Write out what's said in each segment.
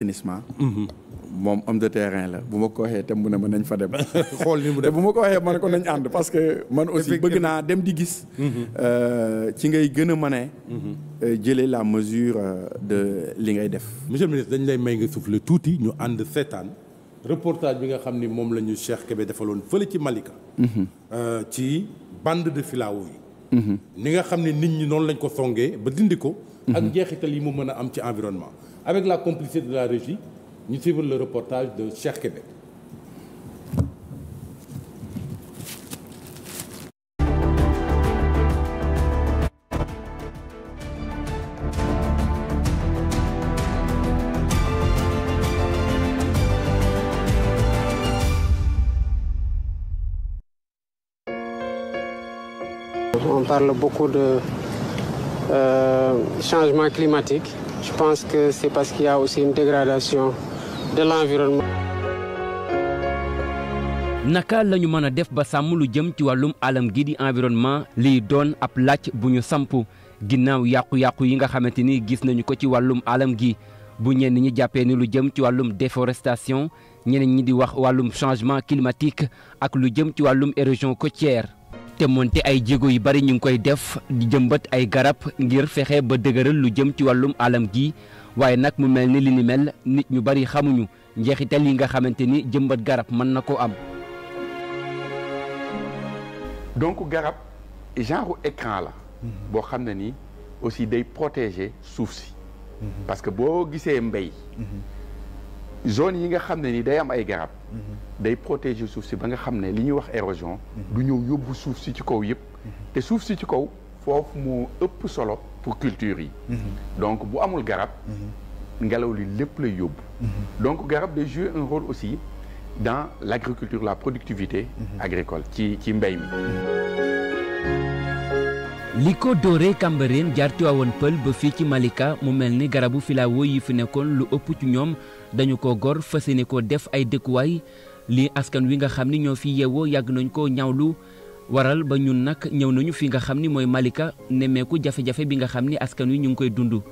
assainissement mm-hmm. moom homme de terrain la bu ma ko waxee te mu ne ma nañ fa dem xool ni mu dem bu ma ko waxee man ko nañ ànd parce que man aussi bëgg naa dem di gis mm-hmm. euh, ci ngay gën a mën a mm-hmm. euh, jëlee la mesure euh, de li ngay def monsieur le ministre dañ lay may nga souffle tuuti ñu ànd seetaan reportage bi nga xam ni moom la ñu Cheikh Kébé defaloon fële ci Malika ci band de filao yi ni nga xam ne nit ñi noonu lañ ko songee ba dindi ko ak jeexital yi mu mën a am ci environnement avec la complicité de la régie ñu suivre le reportage de euh, changement climatique. Je que c'est parce qu'il y a aussi une dégradation naka lañu ñu mën a def ba sàmm lu jëm ci wàllum alam gi di environnement liy doon ab laaj bu ñu samp ginnaaw yàqu-yàqu yi nga xamante ni gis nañu ko ci wàllum alam gi bu ñenn ñi jàppee ni lu jëm ci wàllum déforestation ñeneen ñi di wax wàllum changement climatique ak lu jëm ci wàllum érosion côtière te moonte ay jéego yu bari ñu ngi koy def di jëmbat ay garab ngir fexe ba dëgëral lu jëm ci wàllum alam gi waaye nag mu mel ni li ni mel nit ñu bari xamuñu njeexital yi nga xamante ni jëmbat garab mën na ko am. donc garab genre écran la. Mhm. boo xam ne ni aussi day protéger suuf si. Mhm. parce que boo gisee mbéy. Mhm. zone yi nga xam ne ni day am ay garab mhm. day protéger suuf si ba nga xam ne li ñuy wax érosion mhm. du ñëw yóbbu suuf si ci kaw yëpp mhm. te suuf si ci kaw foofu moo ëpp solo pour culture yi donc bu amul garab ngelaw li lépp lay yóbbu donc garab day jouer un rôle aussi dans l'agriculture la productivité agricole ci ci mbay mi li ko dooree Cambérène jaar Tivaouane Peulh ba fii ci Malika mu mel ni garabu filawo yi fi nekkoon lu ëpp ci ñoom dañu ko gor fas yéene ko def ay dëkkuwaay li askan wi nga xam ni ñoo fi yeewoo yàgg nañ ko ñaawlu waral ba ñun nag ñëw nañu fi nga xam ni mooy Malika nemmeeku jafe-jafe bi nga xam ni askan wi ñu ngi koy dund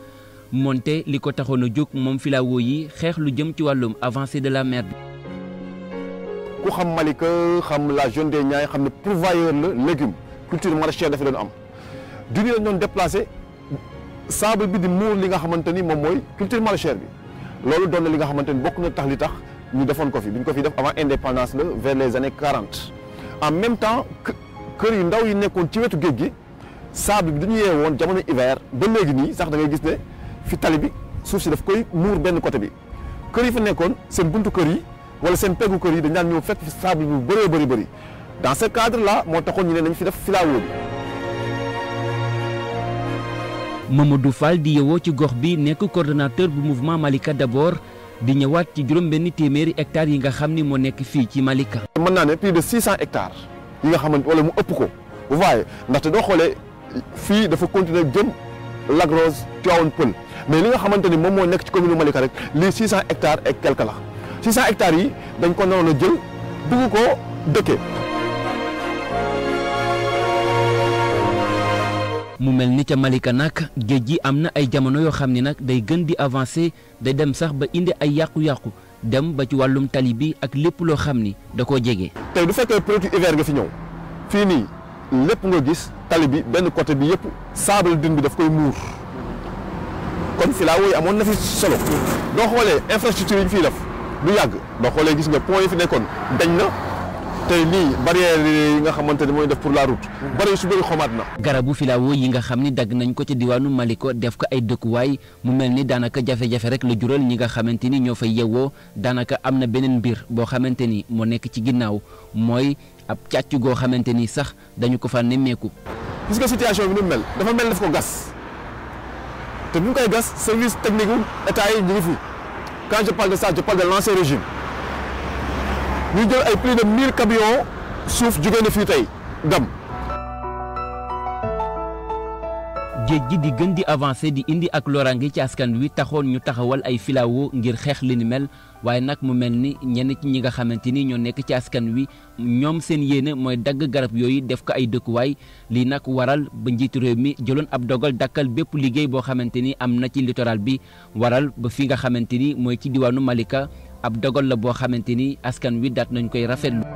moonte li ko taxoon a jóg moom filaawo yi xeex lu jëm ci wàllum avancée de la mer bi ku xam Malika xam la zone de Niayes xam ne pourvoyeur la légume jur yi lañ doon déplacé sable bi di muur li nga xamante ni moom mooy culture maraîchère bi loolu doon li nga xamante ni bokk na tax li tax ñu defoon ko fi bi ñu ko fi def avant indépendance la vers les années quarante en même temps kër yu ndaw yi nekkoon ci wetu géej gi sable bi du ñu yee woon jamono hiver ba léegi nii sax da ngay gis ne fi tali bi suuf si daf koy muur benn côté bi kër yi fa nekkoon seen buntu kër yi wala seen peggu kër yi dañ daan ñëw fekk fi sable bu bëree bëri bëri dans ce cadre là moo taxoon ñu ne nañ fi def filao bi a du Fall di yowoo ci gox bi nekk coordonnateur bu mouvement Malika d'abord di ñëwaat ci juróom benn téeméeri hectares yi nga xam ni moo nekk fii ci Malika. mën naa ne plus de 600 hectares yi nga xamante wala mu ëpp ko vous voyez ndaxte doo xoolee fii dafa continuer jëm Lac Rose Tivaouane Peulh mais nga xamante ni moom moo nekk ci commune Malika rek lii 600 hectares ectare quelque la 600 hectares yi dañ ko naroon a jël dugg ko dëkkee. mu mel ni ca Malika nag géej gi am na ay jamono yoo xam ni nag day gën di avancé day dem sax ba indi ay yàqu-yàqu dem ba ci wàllum tali bi ak lépp loo xam ni da koo jege. tey du fekkee produit hiver nga fi ñëw fii nii lépp nga gis tali bi benn côté bi yëpp sable dune bi daf koy muur kon filaawo yi amoon na fi solo. doo xoolee infrastructure yi ñu fiy def du yàgg doo xoolee gis nga pont yi fi nekkoon deñ na. tey lii barrière yi nga xamante ne mooy def pour la route bari su bëri xomaat na garabu filao yi nga xam ni dagg nañ ko ca diwaanu Maliko def ko ay dëkkuwaay mu mel ni daanaka jafe-jafe rek la jural ñi nga xamante ni ñoo fay yewwoo daanaka am na beneen mbir boo xamante ni moo nekk ci ginnaaw mooy ab càcc goo xamante ni sax dañu ko fa nemmeeku gis nga situation bi nu mel dafa mel daf ko gas te bu ñu koy gas service technique état yi ñu ngi fi ñu jël ay plus de 1000 suuf jóge na fii tey dem. géej gi di gën di avancé di indi ak loraange ci askan wi taxoon ñu taxawal ay filao ngir xeex li ni mel waaye nag mu mel ni ñenn ci ñi nga xamante ni ñoo nekk ci askan wi ñoom seen yéene mooy dagg garab yooyu def ko ay dëkkuwaay lii nag waral ba njiitu réew mi jëloon ab dogal dakkal bépp liggéey boo xamante ni am na ci littoral bi waral ba fi nga xamante ni mooy ci diwaanu Malika. ab dogal la boo xamante ni askan wi daat nañ koy rafetlu.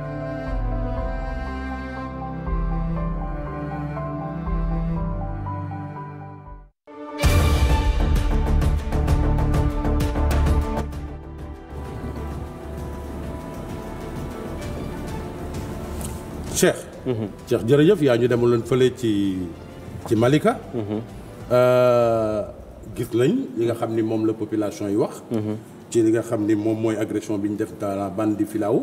Cheikh. Mhm. Cheikh jërëjëf yaa ñu demaloon fële ci ci Malika. Mhm. Euh, gis nañ li nga xam ni moom la population yi wax. Mhm. ci nga xam ni moom mooy agression bi ñu def dans la di filao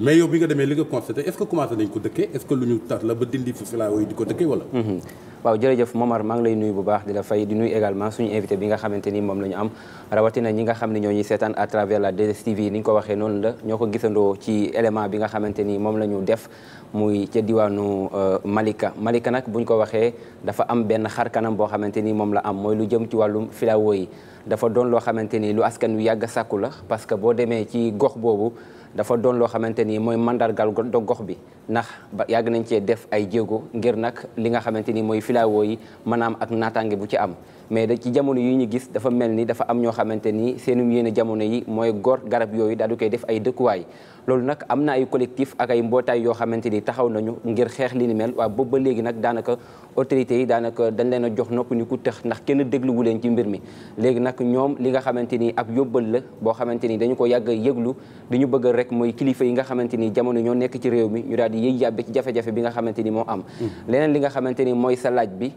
mais yow bi nga demee li nga constaté est-ce nañ ko dëkkee est-ce lu ñu tar la ba dindi fi filao yi di ko dëkkee wala mhm. waaw jërëjëf Momar maa ngi lay nuyu bu baax dina fay di nuyu également suñu invité bi nga xamante ni moom la am rawatina ñi nga xam ne ñoo ñu seetaan à travers la 2STV ni ñu ko waxee noonu la ñoo ko gisandoo ci élément bi nga xamante ni moom la ñu def muy ca diwaanu euh, Malika Malika nag buñ ko waxee dafa am benn xar kanam boo xamante ni moom la am mooy lu jëm ci wàllum filao yi dafa doon loo xamante ni lu askan wi yàgg sàkku la parce que boo demee ci gox boobu dafa doon loo xamante ni mooy mandargal do gox bi ndax ba yàgg nañ cee def ay jéego ngir nag li nga xamante ni mooy filawoo yi maanaam ak naataange bu ci am mais da ci jamono yi ñu gis dafa mel ni dafa am ñoo xamante ni seenum yéene jamono yi mooy gor garab yooyu daal di koy def ay dëkkuwaay loolu nag am na ay collectif ak ay mbootaay yoo xamante ni taxaw nañu ngir xeex li ni mel waaye boobu ba léegi nag daanaka autorités yi daanaka dañ leen a jox nopp ni ku tëx ndax kenn dégluwu leen ci mbir mi léegi nag ñoom li nga xamante ni ab yóbbal la boo xamante ni dañu ko yàgg yëglu li ñu bëgg rek mooy kilifa yi nga xamante ni jamono ñoo nekk ci réew mi ñu daal di yëy yàbbe ci jafe-jafe bi nga xamante ni moo am mm. leneen li nga xamante ni mooy sa laaj bi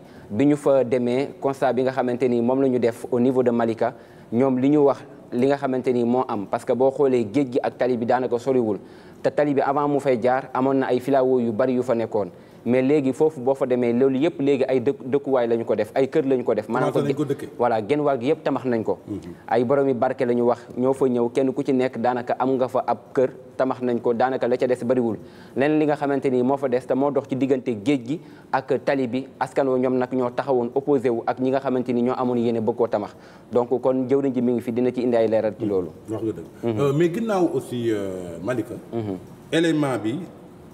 xamante ni moom la ñu def au niveau de Malika ñoom li ñu wax li nga xamante ni moo am parce que boo xoolee géej gi ak tali bi daanaka soriwul te tali bi avant mu fay jaar amoon na ay filao yu bari yu fa nekkoon mais léegi foofu boo fa demee loolu yëpp léegi ay dëkk dëkkuwaay la ko def ay kër la ñu ko def maanaam ko voilà genn wàll gi yëpp tabax nañ ko mhm. ay borom yi barke la ñu wax ñoo fa ñëw kenn ku ci nekk daanaka am nga fa ab kër tabax nañ ko daanaka la ca des bariwul leneen li nga xamante ni moo fa des te moo dox ci diggante géej gi ak tali bi askan wa ñoom nag ñoo taxawoon opposé wu ak ñi nga xamante ni ñoo amoon yéene bëgg koo tabax donc kon jëwriñ ji mi ngi fi dina ci indi ay leeral loolu mhm. wax nga dëgg mhm. euh, mais ginnaaw aussi euh, Malika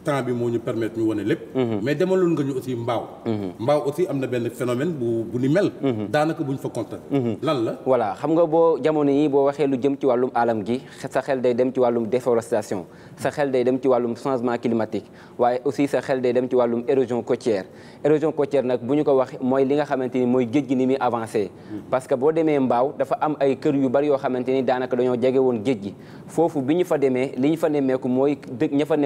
temps bi moo ñu permettre ñu wane lépp mhm. mais demaloon nga ñu aussi mbaaw mhm. mbaaw aussi am na benn phénomène bu bu ni mel mhm. daanaka buñ fa compter lan la voilà xam nga boo jamono yi boo waxee lu jëm ci wàllum alam gi sa xel day dem ci wàllum déforestation sa xel day dem ci wàllum changement climatique waaye aussi sa xel day dem ci wàllum érosion côtière érosion côtière nag bu ñu ko wax mooy li nga xamante ni mooy géej gi ni muy avancé parce que boo demee mbaaw dafa am ay kër yu bari yoo xamante ni daanaka dañoo jege woon géej gi foofu bi li ñu fa nemmeeku mooy dëkk ña fa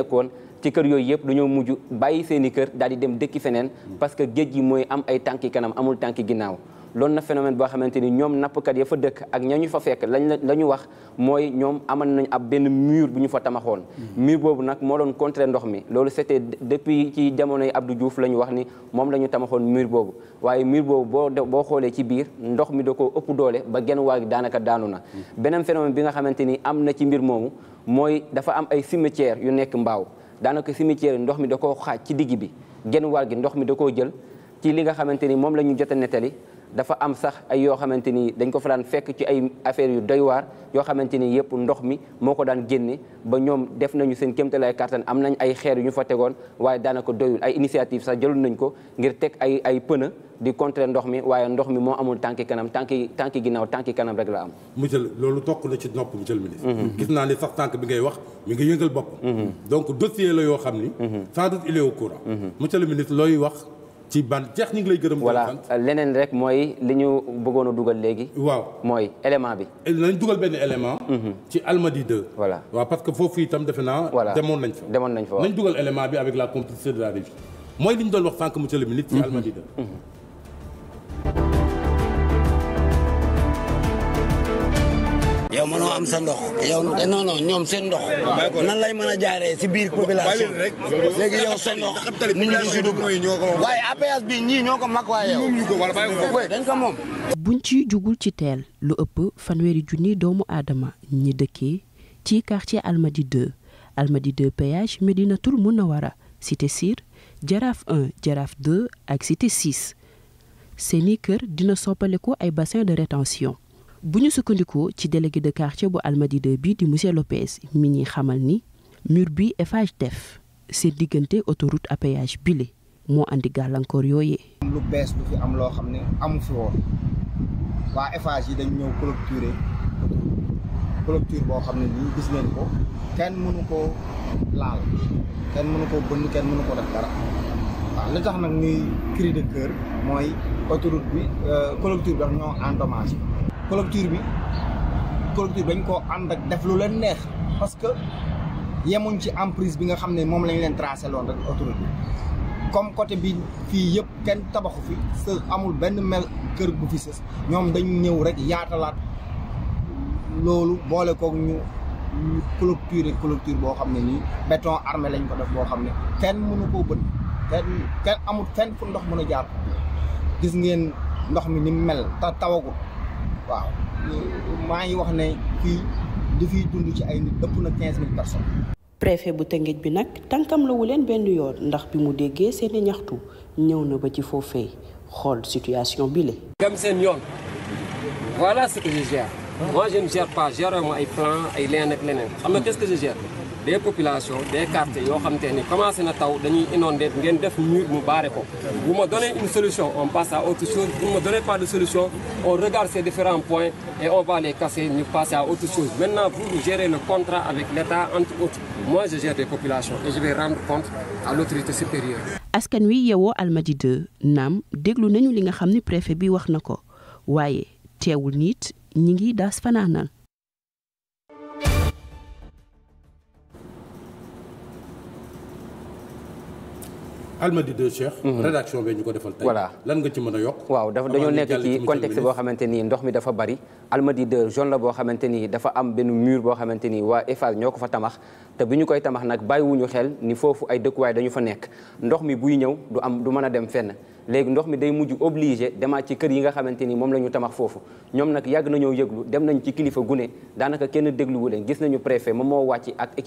ci kër yooyu yëpp dañoo mujj bàyyi seen i kër daal di dem dëkki feneen parce que géej gi mooy am ay tànki kanam amul tànki ginnaaw loolu na phénomène boo xamante ni ñoom nappkat ya fa dëkk ak ña ñu fa fekk lañ la ñu wax mooy ñoom amal nañ ab benn mur bu ñu fa tamaxoon mm-hmm. mur boobu nag moo doon contrer ndox mi loolu c'était depuis ci jamonoy Abdou Diouf la ñu wax ni moom la ñu tamaxoon mur boobu waaye mur boobu boo boo xoolee ci biir ndox mi da koo ëpp doole ba genn waa gi daanaka daanu na mm-hmm. beneen phénomène bi nga xamante ni am na ci mbir moomu mooy dafa am ay cimetière yu nekk mbaaw daanaka cimetière ndox mi da koo xaaj ci digg bi genn wàll gi ndox mi da koo jël ci li nga xamante ni moom la ñu jot a nettali dafa am sax ay yoo xamante ni dañ ko fa daan fekk ci ay affaires yu doy waar yoo xamante ni yëpp ndox mi moo ko daan génne ba ñoom def nañu seen kéemtalaay kàttan am nañ ay xeer yu ñu fa tegoon waaye daanaka doyul ay initiative sax jëloon nañ ko ngir teg ay ay pneu di contrer ndox mi waaye ndox mi moo amul tànki kanam tànki tànki ginnaaw tànki kanam rek la am. mu monsieur loolu tokk na ci nopp monsieur le ministre. Mm-hmm. Mm-hmm. gis naa ne sax tànk bi ngay wax mi ngi yëngal bopp. Mm-hmm. donc dossier yoo xam ni. sans doute ci ban jeex ñu lay gërëm. voilà leneen rek mooy li ñu bëggoon a dugal léegi. waaw mooy élément bi. nañ dugal benn élément. Mhm. ci Almadies 2. voilà waaw parce que foofu itam defe naa. voilà demoon nañ fa. demoon nañ fa waaw nañ dugal élément bi avec la complicité de la régie mooy li ñu doon wax sànq monsieur le ministre. ci mhm. Almadies yow mënoo am sa ndox yow non non ñoom seen ndox nan lay mën a jaaree si biir population léegi yow sa ndox nit ñi si dugg waaye APS bi ñii ñoo ko mag waaye yow dañ ko moom ci jugul ci teel lu ëpp fanweeri junni doomu aadama ñi dëkkee ci quartier Almadi 2 Almadi 2 péage Médinatoul Mounawara cité Sir Jaraaf 1 Jaraaf 2 ak cité 6 seeni kër dina soppaleku ay bassin de rétention bu ñu sukkandikoo ci délégué de quartier bu Almadies 2 bi di monsieur Lopez mi ñuy xamal ni mur bi Eiffage def seen diggante autoroute à péage moo indi gàllankoor yooyee. lu bees lu fi am loo xam ne amu fi woon waa Eiffage yi dañ ñëw clôturer clôture boo xam ne nii gis nañ ko kenn mënu koo laal kenn mënu koo bënn kenn mënu ko def dara waaw li tax nag ñuy cri mooy autoroute bi euh, clôture bi dafa ñoo endommagé. collecteur bi collecteur dañ koo ànd ak def lu leen neex parce que yemuñ ci emprise bi nga xam ne moom lañ leen tracé loon rek autoroute comme côté bi fii yëpp kenn tabaxu fi sa amul benn mel kër bu fi sës ñoom dañ ñëw rek yaatalaat loolu boole koog ñu clôture clôture boo xam ne nii béton armé lañ ko def boo xam ne kenn mënu koo bën kenn kenn amul fenn fu ndox mën a jaar gis ngeen ndox mi ni mel ta tawagut waaw maa ngi wax ne kii di fiy dund ci ay nit ëpp na quinze mille personnes. préfet bu Tëngéej bi nag tànkam la wu leen benn yoon ndax bi mu déggee seeni ñaxtu ñëw na ba ci foofee xool situation bi la. seen yoon voilà ce que je gère. moi je ne gère pas ay plan ay leneen ak leneen xam nga qu'est-ce que je des populations des quartiers yoo xam te ni commencé na taw dañuy inondé ngeen def mur mu baare ko vous me donnez une solution on passe à autre chose vous me donnez pas de solution on regarde ces différents points et on va ñu passer à autre chose maintenant vous vous gérez le contrat avec l'État entre autres mois je gère des populations et je vais rendre compte à l'autorité supérieure askan wi yeewoo Almadies naam déglu nañu li nga xam ni préfet bi wax na ko waaye teewul nit ñi ngi daas fanaanal Almadi de Cheikh. Mhm. rédaction bi ñu ko defal voilà lan ci mën a waaw dafa dañoo nekk ci contexte boo xamante ni ndox mi dafa bari. Almadi de zone boo xamante ni dafa am benn mur boo xamante ni waa Eiffage ñoo ko fa tamax te bu ñu koy tamax nag bàyyiwuñu xel ni foofu ay dëkkuwaay dañu fa nekk ndox mi buy ñëw du am du mën a dem fenn. léegi ndox mi day mujj obligé demaat ci kër yi nga xamante ni moom la ñu tabax foofu ñoom nag yàgg nañoo yëglu dem nañ ci kilifa gune daanaka kenn dégluwu leen gis nañu préfet moo wàcc ak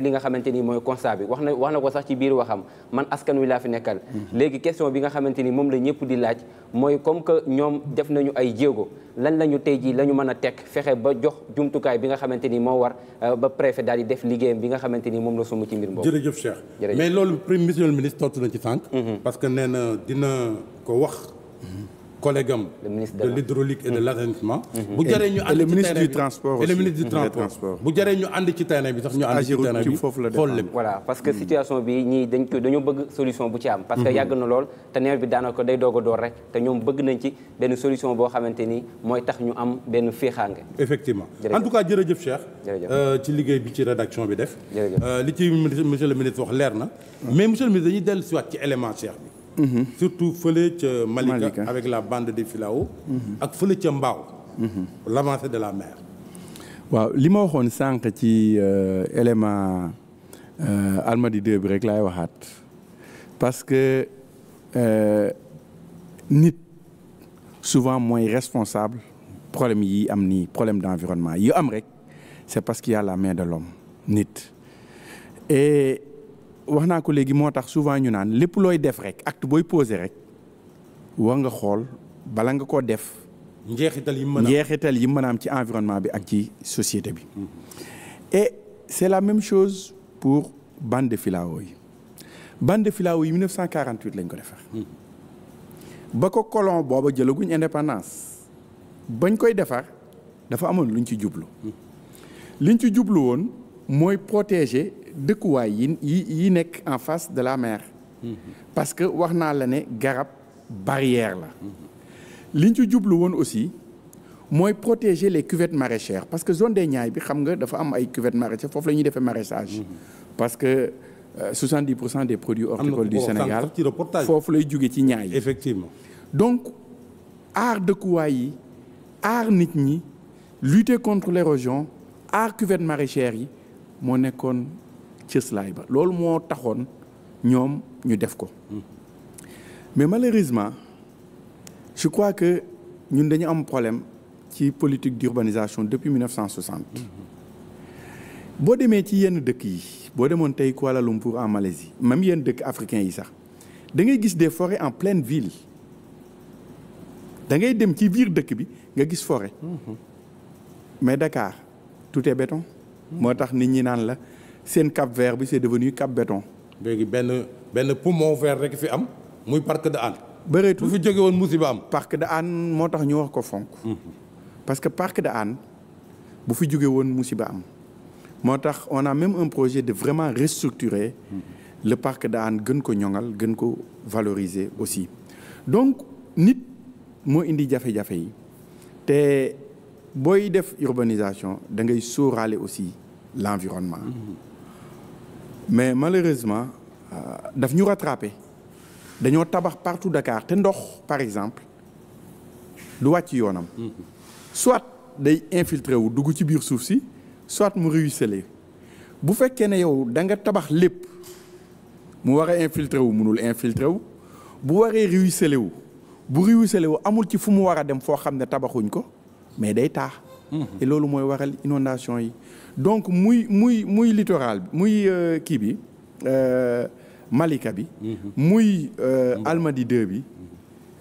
li nga xamante ni mooy constat bi wax na wax ko sax ci biir waxam man askan wi laa fi nekkal mhm. léegi question bi nga xamante ni moom la ñëpp di laaj mooy comme que ñoom def nañu ay jéego lan la ñu tey jii la ñu mën a teg fexe ba jox jumtukaay bi nga xamante ni moo war euh, ba préfet daal di def liggéeyam bi nga xamante ni moom la sumu ci mbir mboobu jërëjëf Cheikh mais loolu premier ministre tontu na ci sànq mhm. parce que nee na dina ko wax. collègue am de l'hydraulique et de mm. l'assainissement mm-hmm. bu jaree ñu ànd ci terrain bi et le ministre du mm-hmm. transport bu jaree ñu ànd ci terrain bi sax ñu ànd ci terrain bi xool leen voilà parce que mm-hmm. situation bi ñii dañ ko dañoo bëgg solution ci am lool te nawet bi daanaka day doog a door rek te ñoom bëgg nañ ci benn solution boo xamante ni mooy tax ñu am benn féexaange effectivement en tout cas jërëjëf Cheikh euh, ci liggéey bi ci rédaction bi def euh, li ci monsieur le ministre wax leer na mais monsieur le ministre dañuy dellu si ci élément Cheikh bi Mhm. surtout fële ca Malika avec la bande de Filao mhm. ak fële ca Mbao mhm. de la mer waaw li ma waxoon sànq ci euh, élément euh, Almadies 2 bi rek laay waxaat parce que euh, nit souvent mooy responsable problème yi am ni problème d'environnement yu am rek c'est parce qu'il y la main de l'homme nit et wax naa ko léegi moo tax souvent ñu naan lépp looy def rek acte booy posé rek war nga xool bala nga ko def. njeexital yi mën a njeexital yi mën ci environnement bi ak ci société bi. et c' est la même chose pour bande de filao yi bande de filao yi 1948 lañ ko defar. ba ko kolon booba jëlaguñ indépendance bañ koy defar dafa amoon luñ ci jublu. liñ ci jublu woon mooy protéger. dëkkuwaay yi yi yi nekk en face de la mer. parce que wax naa la ne garab barrière la. li liñ ci jublu woon aussi mooy protéger les cuvettes maraicher parce que zone des Niayes bi xam nga dafa am ay cuvettes maraîchères foofu la ñuy defee parce que 70 euh, pour cent des produits horticoles du Sénégal foofu lay jóge ci Niayes. effectivement donc aar dëkkuwaay yi aar nit ñi lutter contre l'érosion aar cuvettes maraîchères yi moo nekkoon. cëslaay ba loolu moo taxoon ñoom ñu def ko mais malheureusement je crois que ñun dañu am problème ci politique d'urbanisation depuis 1960 boo demee ci yenn dëkk yi boo demoon tey Kuala pour en Malaisie même yenn dëkk africains yi sax da ngay gis des forêts en pleine ville da ngay dem ci biir dëkk bi nga gis forêt mmh. mais Dakar tout béton moo tax nit ñi naan la seen cap vert bi c'est devenu cap béton. léegi benn benn poumon vert rek fi am muy parc de Hann. bëreetul bu fi jóge woon musiba am. parc de Hann moo tax ñu wax ko fonk. parce que parc de Hann bu fi jóge woon musiba am. moo tax on a même un projet de vraiment restructurer le parc de Hann gën ko ñoŋal gën ko valoriser aussi donc nit moo indi jafe-jafe yi te booy def urbanisation da ngay sóoraale aussi l'environnement. mais malheureusement euh, daf ñu rattrapé dañoo tabax partout Dakar te ndox par exemple du wàcc yoonam. soit day infiltré wu dugg ci biir suuf si soit mu ruisselé bu fekkee ne yow da nga tabax lépp mu war a infiltré wu mënul infiltré wu bu waree ruisselé wu bu ruisselé wu amul ci fu mu war a dem foo xam ne tabaxuñ ko mais day taax. Mhm. te loolu mooy waral inondation yi. donc muy muy muy littoral bi muy euh, kii bi euh, Malika bi. Mhm. muy euh, Almadi 2 bi.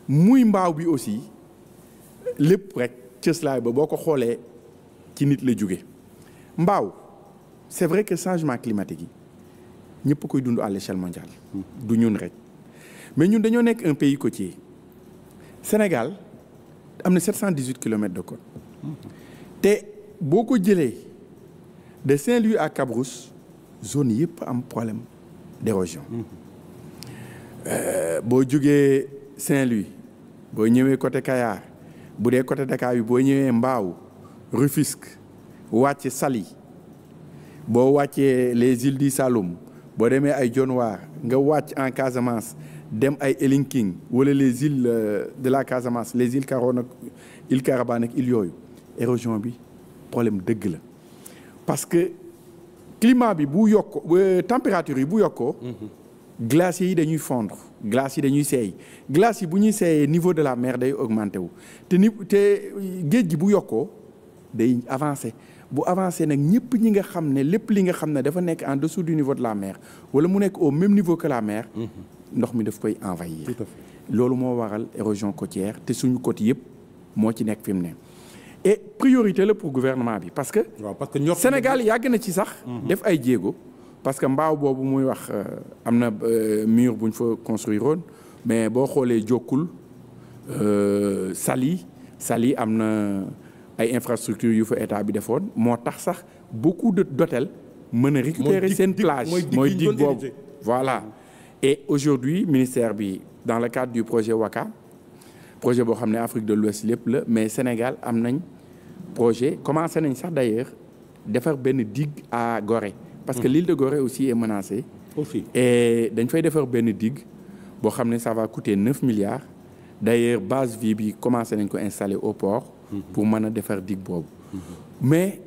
muy mbaaw bi aussi lépp rek cëslaay ba boo ko xoolee ci nit la jóge mbaaw c'est vrai que changement climatique yi ñëpp koy dund à l'échelle mondiale. Mhm. du ñun rek mais ñun dañoo nekk un pays côtier Sénégal am na 718 kilomètres de côte mhm. te boo ko jëlee. de Saint-Louis à Cabrousse yëpp am problème d'érosion euh, boo jugee Saint-Louis boo ñëwee côté Kayar bu dee côté Dakar bi boo ñëwee mbaaw Rufisque wàcc sali boo wàccee les îles du Saloum boo demee ay Dionewar nga wàcc en Casamance dem ay Elinking wala les îles euh, de la Casamance les îles Caron ak île Carabane ak île yooyu érosion bi problème dëgg la parce que climat bi bu yokko euh, température yi bu yokkoo glaciers yi dañuy fondre glace yi dañuy seey glace yi bu ñuy seeyee niveau de la mer day augmenté te ni te euh, géej gi bu yokkoo day avancé bu avancé nag ñëpp ñi nga xam ne lépp li nga xam ne dafa nekk en dessous du niveau de la mer wala mu nekk au même niveau que la mer ndox mi daf koy envahir loolu moo waral érosion côtière te suñu côte yëpp moo ci nekk fi mu ne et priorité la pour gouvernement bi parce que. waaw parce que Sénégal yàgg na ci sax. def ay jéego parce que mbaaw boobu muy wax euh, am na euh, mur bu ñu fa construire woon mais boo xoolee jokkul euh, Saly Saly am na ay infrastructures yu fa état bi defoon moo tax sax beaucoup de dotel mën a récupérer seen plage mooy dig boobu voilà et aujourd'hui ministère bi dans le cadre du projet Waka projet boo xam ne Afrique de l'Ouest lépp la mais Sénégal am nañ projet commencé nañ sax d'ailleurs defar benn digue à gore parce que hmm. l'île de gore aussi est menacée. aussi et dañ fay defar benn digue boo xam ne ça va coûter neuf milliards d'ailleurs base vie bi commencé nañ ko installer au port. Hmm. pour mën a defar digue boobu. Hmm. mais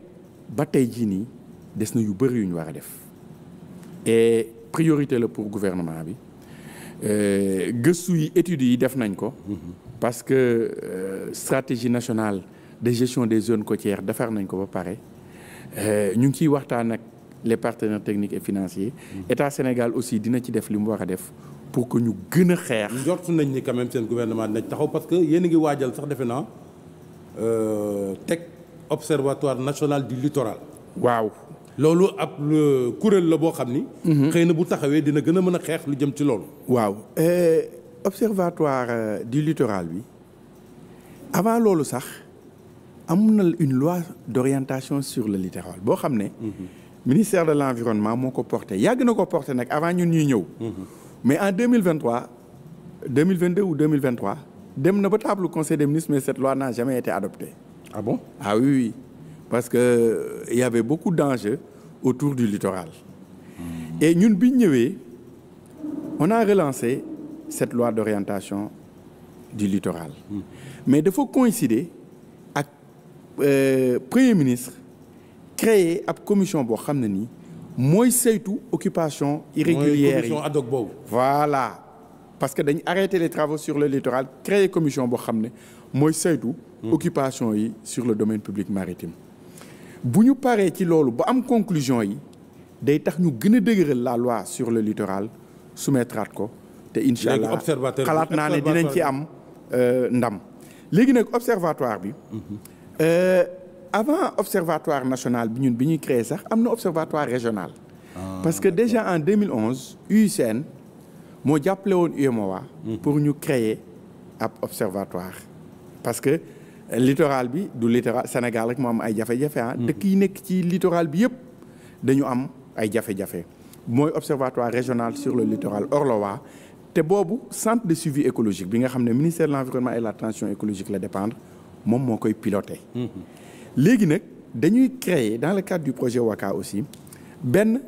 ba tey jii nii des na yu bëri yuñ ñu war a def et priorité la pour gouvernement bi euh, gëstu yi études yi def nañ ko. parce que euh, stratégie nationale. de gestion des zones côtières defar nañ ko ba pare euh, ñu ngi ciy waxtaan ak les partenaires techniques et financiers. Mm-hmm. état Sénégal aussi dina ci def li mu war a def pour que ñu gën a xeex. njort nañ ni quand même seen gouvernement dinañ taxaw parce que yéen ngi waajal sax defe naa euh, teg observatoire national du littoral. waaw. loolu ab kuréel la boo xam ni. Mm-hmm. xëy na bu taxawee dina gën a mën a xeex lu jëm ci loolu. waaw euh, observatoire du littoral bi avant loolu sax. am na une loi d'orientation sur le littoral boo xam ne. Mhm. ministère de l'environnement moo ko porté yàgg na ko porté nag avant ñun ñuy ñëw. Mhm. mais en deux mille vingt trois deux vingt deux ou dem na ba table conseil des ministres mais cette loi n'a jamais été adoptée. ah bon ah oui oui parce que il euh, y avait beaucoup d'enjeux autour du littoral. Mhm. et ñun bi ñëwee on a relancé cette loi d'orientation du littoral. mais dafa coïncider. Euh, premier ministre créé ab commission boo xam ne nii mooy saytu occupation irrégulière yi ad hoc boobu voilà parce que dañ arrêté les travaux sur le littoral créé commission boo xam ne mooy saytu hmm. occupation yi sur le domaine public maritime bu ñu paree ci loolu ba am conclusion yi day tax ñu gën a dëgëral la loi sur le littoral soumettraat ko te incha allah xalaat naa ne dinañ ci am euh, ndam léegi nag observatoire bi hmm. Euh, avant observatoire national bi ñun bi ñuy créer sax am na observatoire régional. Ah, parce que déjà en 2011 UICN moo jàppale woon UEMOA. Hmm. pour ñu créer ab observatoire. parce que littoral bi du littoral Sénégal rek moo am ay jafe-jafe ah. Hmm. yi nekk ci littoral bi yëpp dañu am ay jafe-jafe. mooy observatoire régional sur le littoral Orloa te boobu centre de suivi écologique bi nga xam ne ministère de l'environnement et de la transition écologique la dépendre. moom moo koy piloté. léegi nag dañuy créer dans le cadre du projet WACA aussi benn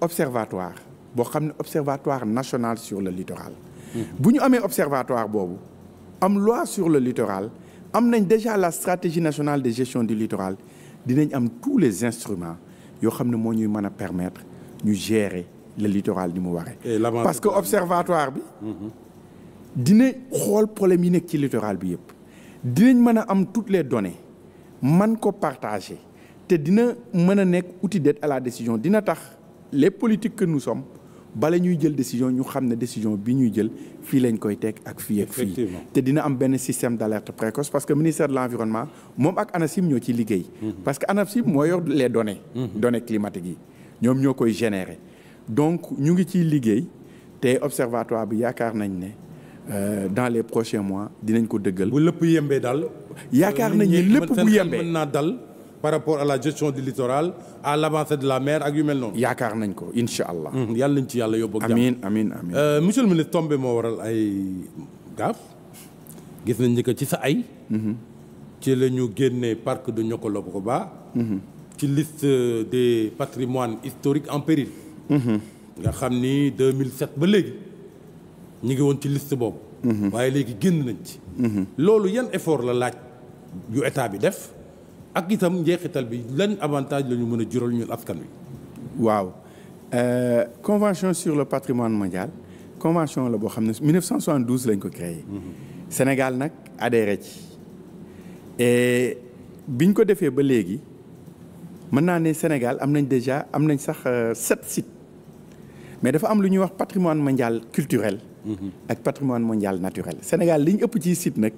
observatoire boo xam ne observatoire national sur le littoral. Mhm. bu ñu amee observatoire boobu am loi sur le littoral am nañ déjà la stratégie nationale de gestion du littoral dinañ am tous les instruments yoo xam ne moo ñuy mën a permettre ñu gérer le littoral ni mu waree. parce que observatoire bi. Mhm. dina xool problème yi nekk ci littoral bi yëpp. dinañ mën a am toutes les données man ko partager te dina mën a nekk uti d'aide à la décision dina tax les politiques que nous bala ñuy jël décision ñu xam ne décision bi ñuy jël fii lañ koy teg ak fii ak fii te dina am benn système d'alerte précoce parce que ministère de l'environnement moom ak ANACIM ñoo ci liggéey mhm. parce que ANACIM moo yor les données mhm. données climatiques yi ñoom ñoo koy générer donc ñu ngi ciy liggéey te observatoire bi yaakaar nañ ne Euh, dans les prochains mois dinañ ko dëggal. bu lépp yembee daal. yaakaar nañ ni lépp bu yembee mën naa dal. par rapport à la gestion du littoral à l'avancée de la mer ak yu mel noonu. yaakaar nañ ko incha allah. yàlla nañ ci yàlla yóbbu ak jàmm amiin amiin amiin. Euh, monsieur le ministre tombé moo waral ay gaaf gis nañ ni que ci sa ay. Mhm. ci la ñu génnee parc de Niokolo-Koba. Mhm. ci liste des patrimoines historiques en péril. Mhm. nga xam ni 2007 ba léegi. ñu ngi woon ci liste boobu. Mhm. waaye léegi génn nañ ci. Mhm. loolu yan effort la laaj yu état bi def ak itam njeexital bi lan avantage la ñu mën a jural ñun askan wi. waaw euh, convention sur le patrimoine mondial convention la boo xam ne 1972 lañ ko créé. Mhm. Sénégal nag adhéré ci. et biñ ko defee ba léegi mën naa ne Sénégal am nañ déjà am nañ sax euh, sept sites mais dafa am lu ñuy wax patrimoine mondial culturel. ak patrimoine mondial naturel Sénégal li ëpp ci site nag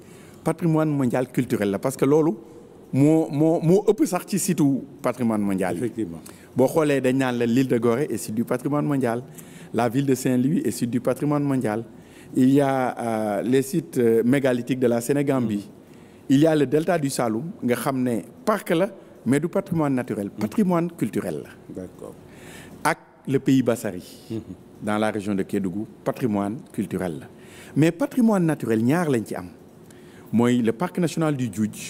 patrimoine mondial culturel la parce que loolu moo moo moo ëpp sax ci situ patrimoine mondial effectivement boo xoolee dañ naan la l'île de Gorée est site du patrimoine mondial la ville de Saint-Louis est site du patrimoine mondial il y a euh, les sites euh, mégalithiques de la Sénégambie il y a le delta du Saloum nga xam ne parc la mais du patrimoine naturel mmh. patrimoine culturel la le pays Bassari dans la région de Kédougou patrimoine culturel la mais patrimoine naturel ñaar lañ ci am mooy le parc national du Djoudj